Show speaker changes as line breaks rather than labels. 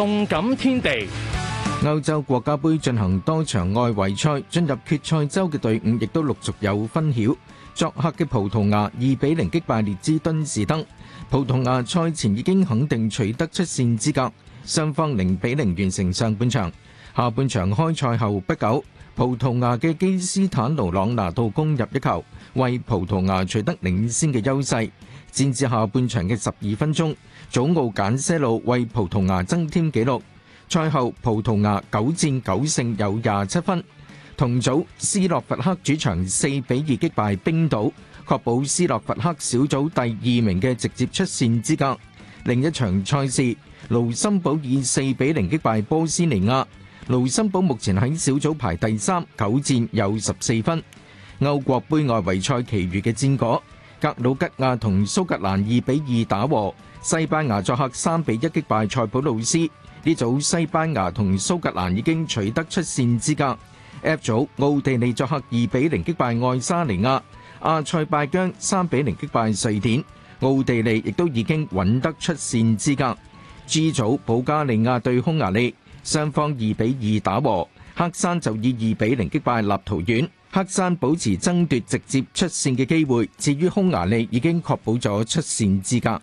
動感天地，歐洲國家盃進行多場外圍賽，進入決賽周嘅隊伍亦都陸續有分曉。作客嘅葡萄牙二比零擊敗列支敦士登，葡萄牙賽前已經肯定取得出線資格。雙方零比零完成上半場，下半場開賽後不久，葡萄牙嘅基斯坦奴朗拿度攻入一球，為葡萄牙取得領先嘅優勢。戰至下半場嘅十二分鐘，祖奧簡些路為葡萄牙增添紀錄。賽後葡萄牙九戰九勝有廿七分。同組斯洛伐克主場四比二擊敗冰島，確保斯洛伐克小組第二名嘅直接出線資格。另一場賽事，盧森堡以四比零擊敗波斯尼亞。盧森堡目前喺小組排第三，九戰有十四分。歐國杯外圍賽其餘嘅戰果。格魯吉亞同蘇格蘭二比二打和，西班牙作客三比一擊敗塞普魯斯。呢組西班牙同蘇格蘭已經取得出線資格。F 組奧地利作客二比零擊敗愛沙尼亞，阿塞拜疆三比零擊敗瑞典，奧地利亦都已經穩得出線資格。G 組保加利亞對匈牙利，雙方二比二打和。黑山就以二比零擊敗立陶宛，黑山保持爭奪直接出線嘅機會，至於匈牙利已經確保咗出線資格。